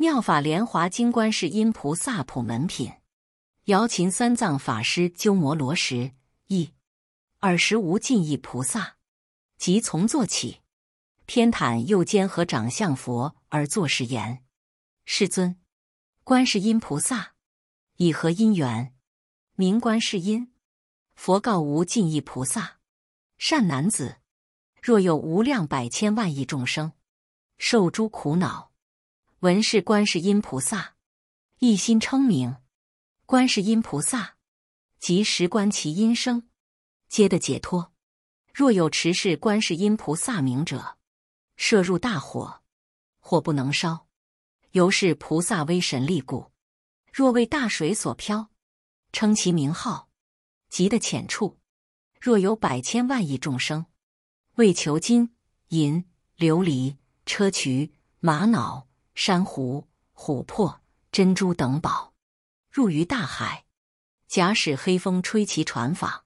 妙法蓮華經觀世音菩薩普門品，姚秦三藏法師鳩摩羅什譯。爾時無盡意菩薩即從座起，偏袒右肩合掌向佛而作是言：“世尊，觀世音菩薩以何因緣名觀世音？”佛告無盡意菩薩：“善男子，若有無量百千萬億眾生，受諸苦惱。”聞是觀世音菩薩，一心稱名，觀世音菩薩即時觀其音聲，皆得解脫。若有持是觀世音菩薩名者，設入大火，火不能燒；由是菩薩威神力故。若為大水所漂，稱其名號，即得淺處。若有百千萬億眾生，為求金銀琉璃硨磲瑪瑙。珊瑚、琥珀、珍珠等寶入於大海。假使黑風吹其船舫，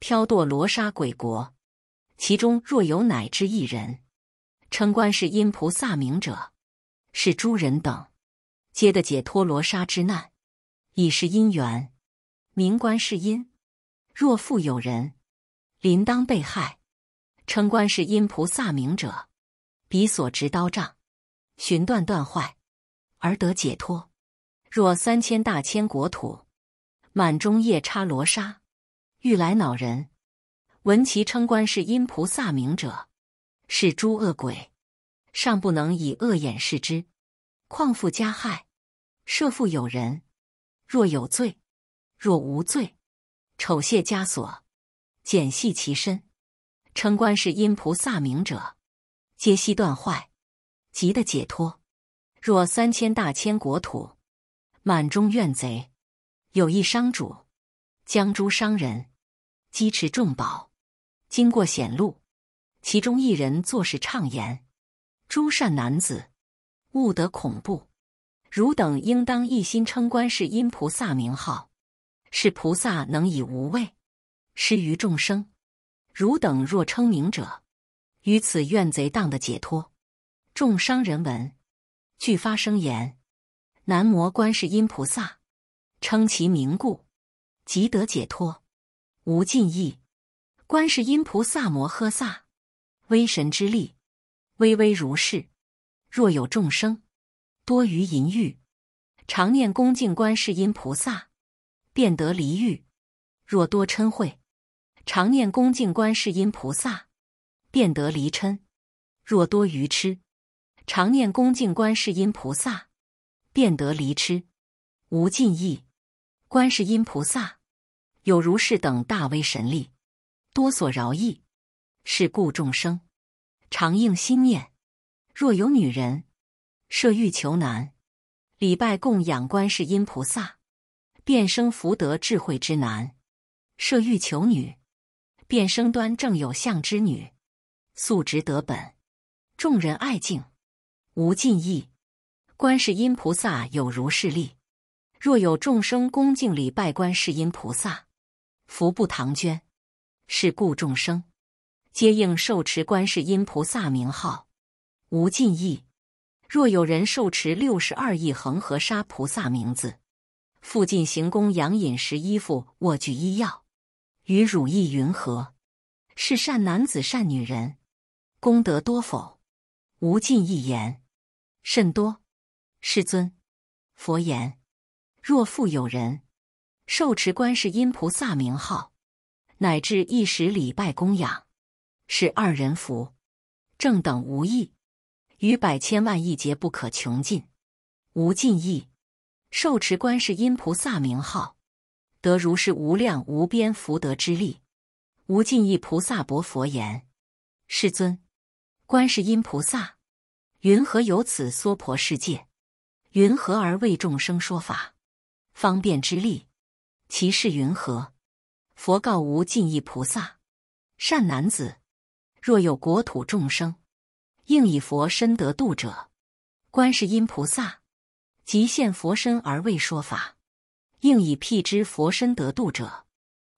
飄墮羅剎鬼國，其中若有乃至一人稱觀世音菩薩名者，是諸人等皆得解脫羅剎之難，以是因緣名觀世音。若復有人臨當被害，稱觀世音菩薩名者，彼所執刀杖，尋段段壞，而得解脫。若三千大千國土滿中夜叉羅剎，欲來惱人，聞其稱觀世音菩薩名者，是諸惡鬼尚不能以惡眼視之，況復加害。設復有人若有罪，若無罪，杻械枷鎖，檢繫其身，稱觀世音菩薩名者，皆悉斷壞。即得解脫。若三千大千國土，滿中怨賊，有一商主，將諸商人齎持重寶，經過險路，其中一人作是唱言：“諸善男子，勿得恐怖。汝等應當一心稱觀世音菩薩名號。是菩薩能以無畏施於眾生。汝等若稱名者，於此怨賊當得解脫。”眾商人聞，俱發聲言：“南無觀世音菩薩，稱其名故，即得解脫，無盡意，觀世音菩薩摩訶薩，威神之力，巍巍如是。若有眾生多於淫欲，常念恭敬觀世音菩薩，便得離欲；若多嗔恚，常念恭敬觀世音菩薩，便得離嗔；若多愚癡。”常念恭敬觀世音菩薩，便得離癡，無盡意。觀世音菩薩有如是等大威神力，多所饒益。是故眾生常應心念。若有女人設欲求男，禮拜供養觀世音菩薩，便生福德智慧之男；設欲求女，便生端正有相之女。宿植德本，眾人愛敬。無盡意，觀世音菩薩有如是力。若有眾生恭敬禮拜觀世音菩薩，福不唐捐。是故眾生皆應受持觀世音菩薩名號。無盡意，若有人受持六十二億恆河沙菩薩名字，復盡形供養飲食衣服臥具醫藥，於汝意云何？是善男子善女人，功德多否？無盡意言。甚多，世尊。佛言：若復有人受持觀世音菩薩名號，乃至一時禮拜供養，是二人福，正等無異，於百千萬億劫不可窮盡。無盡意，受持觀世音菩薩名號，得如是無量無邊福德之利。無盡意菩薩白佛言：世尊，觀世音菩薩。雲何遊此娑婆世界？雲何而為眾生說法？方便之力，其事雲何？佛告無盡意菩薩：善男子，若有國土眾生，應以佛身得度者，觀世音菩薩即現佛身而為說法；應以辟支佛身得度者，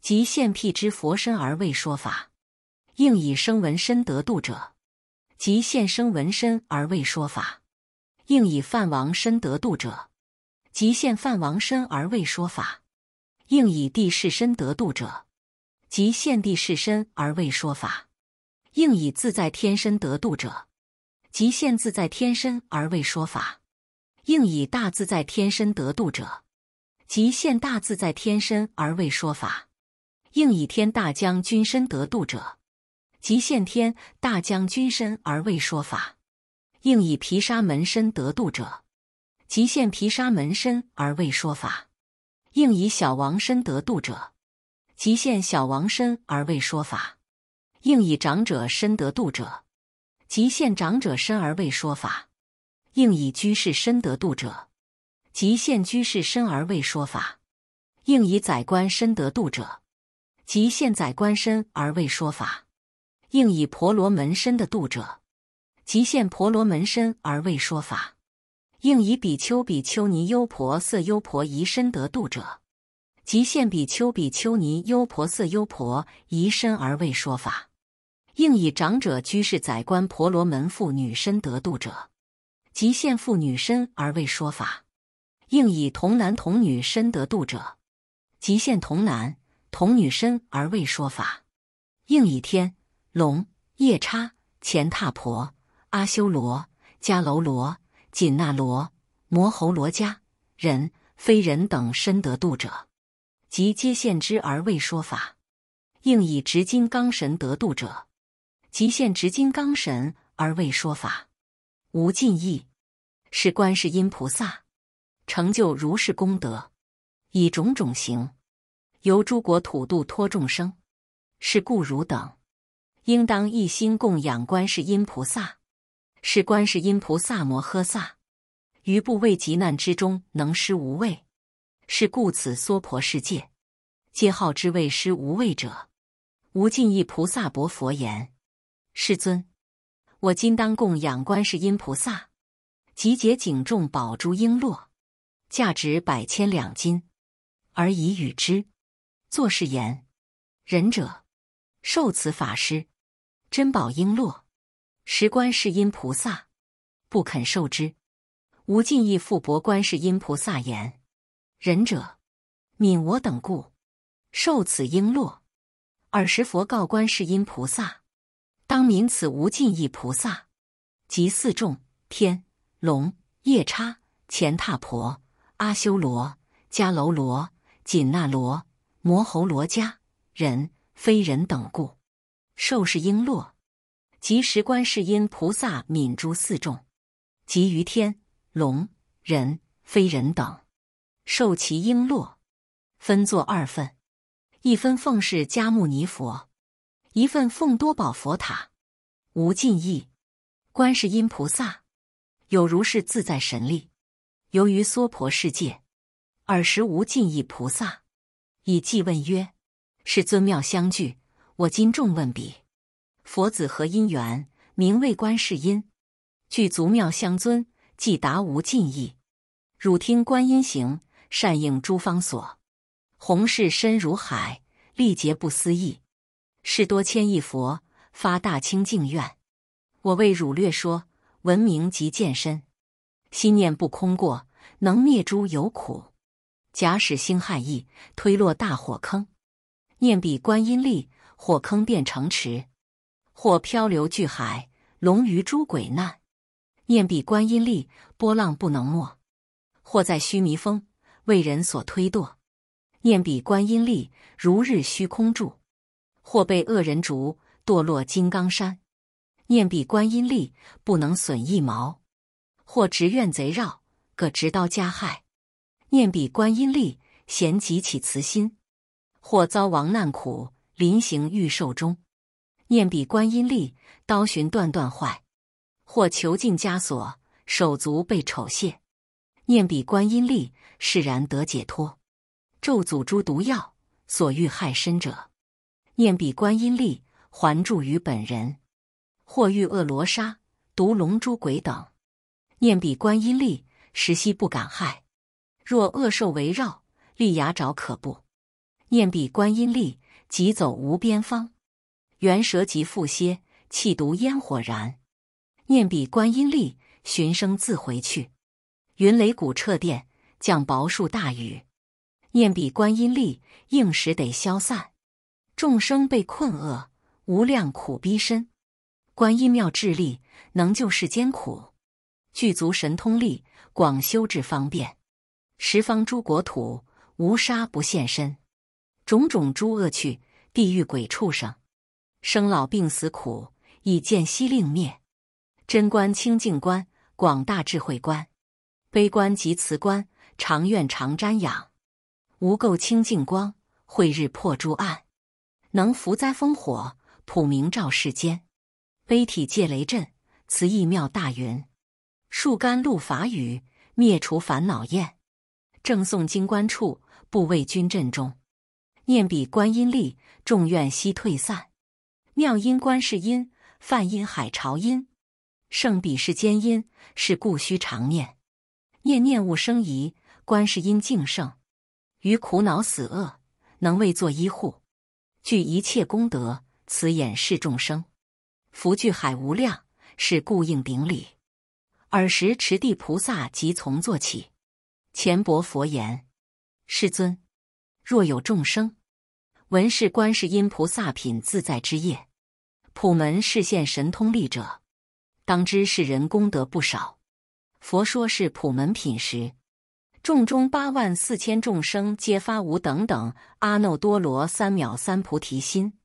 即現辟支佛身而為說法；應以聲聞身得度者。即現聲聞身而為說法，應以梵王身得度者；即現梵王身而為說法，應以帝釋身得度者；即現帝釋身而為說法，應以自在天身得度者；即現自在天身而為說法，應以大自在天身得度者；即現大自在天身，在天身而為說法，應以天大將軍身得度者。即現天大將軍身而為說法，應以毘沙門身得度者；即現毘沙門身而為說法，應以小王身得度者；即現小王身而為說法，應以長者身得度者；即現長者身而為說法，應以居士身得度者；即現居士身而為說，說法，應以宰官身得度者；即現宰官身而為說法。應以婆羅門身得度者，即現婆羅門身而為說法；應以比丘、比丘尼、優婆塞優婆夷身得度者，即現比丘、比丘尼、優婆塞優婆夷身而為說法；應以長者、居士、宰官、婆羅門婦女身得度者，即現婦女身而為說法；應以童男、童女身得度者，即現童男、童女身而為說法；應以天。龍、夜叉、乾闥婆、阿修羅、迦樓羅、緊那羅、摩睺羅伽、人、非人等身得度者，即皆現之而為說法。應以執金剛神得度者，即現執金剛神而為說法。無盡意，是觀世音菩薩成就如是功德，以種種形，遊諸國土度脫眾生。是故汝等，應當一心供養觀世音菩薩，是觀世音菩薩摩訶薩，於怖畏急難之中能施無畏，是故此娑婆世界，皆號之為施無畏者。無盡意菩薩白佛言：“世尊，我今當供養觀世音菩薩，即解頸眾寶珠瓔珞，價值百千兩金，而以與之，作是言：‘仁者，受此法施。’”珍寶瓔珞，時觀世音菩薩不肯受之。無盡意復白觀世音菩薩言：“仁者，愍我等故，受此瓔珞。”爾時佛告觀世音菩薩：“當愍此無盡意菩薩及四眾天龍夜叉乾闥婆阿修羅迦樓羅緊那羅、錦納羅摩睺羅伽人非人等故。”受是瓔珞，即時觀世音菩薩愍諸四眾，及於天龍人非人等，受其瓔珞，分作二分，一分奉釋迦牟尼佛，一分奉多寶佛塔。無盡意，觀世音菩薩有如是自在神力，遊於娑婆世界，爾時無盡意菩薩以偈問曰：“世尊妙相具。我今重問彼，佛子何因緣？名為觀世音，具足妙相尊，偈答無盡意。汝聽觀音行，善應諸方所。弘誓深如海，歷劫不思議。侍多千億佛，發大清淨願。我為汝略說，聞名及見身，心念不空過，能滅諸有苦。假使興害意，推落大火坑，念彼觀音力。火坑變成池，或漂流巨海，龍魚諸鬼難；念彼觀音力，波浪不能沒。或在須彌峰，為人所推墮；念彼觀音力，如日虛空住。或被惡人逐，墮落金剛山；念彼觀音力，不能損一毛。或值怨賊繞，各執刀加害；念彼觀音力，咸即起慈心。或遭王難苦，臨刑欲壽終，念彼觀音力，刀尋斷斷壞；或囚禁枷鎖，手足被杻械，念彼觀音力，釋然得解脫。咒詛諸毒藥，所欲害身者，念彼觀音力，還著於本人。或遇惡羅剎、毒龍諸鬼等，念彼觀音力，時悉不敢害。若惡獸圍繞，利牙爪可怖，念彼觀音力，疾走無邊方，蚖蛇及蝮蠍，氣毒煙火燃。念彼觀音力，尋聲自回去。雲雷鼓掣電，降雹澍大雨。念彼觀音力，應時得消散。眾生被困厄，無量苦逼身。觀音妙智力，能救世間苦。具足神通力，廣修智方便。十方諸國土，無剎不現身。種種諸惡趣，地獄鬼畜生，生老病死苦，以漸悉令滅。真觀清淨觀，廣大智慧觀，悲觀及慈觀，常願常瞻仰。無垢清淨光，慧日破諸暗，能伏災風火，普明照世間。悲體戒雷震，慈意妙大雲，澍甘露法雨，滅除煩惱焰。諍訟經官處，怖畏軍陣中。念彼觀音力，眾怨悉退散。妙音觀世音，梵音海潮音。勝彼世間音，是故須常念。念念勿生疑。觀世音淨聖，於苦惱死厄，能為作依怙。具一切功德，慈眼視眾生，福聚海無量，是故應頂禮。爾時持地菩薩即從座起，前白佛言：世尊，若有眾生。聞是觀世音菩薩品自在之業，普門示現神通力者，當知是人功德不少。佛說是普門品時，眾中八萬四千眾生皆發無等等阿耨多羅三藐三菩提心。